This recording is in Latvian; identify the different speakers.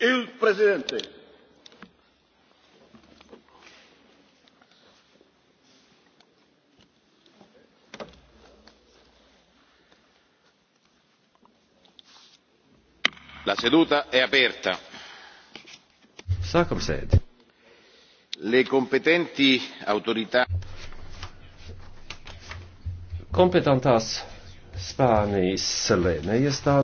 Speaker 1: il presidente
Speaker 2: la seduta
Speaker 3: è aperta
Speaker 4: sākam sēdi
Speaker 3: le competenti autorità
Speaker 5: kompetentās spānijas lēmējiestādes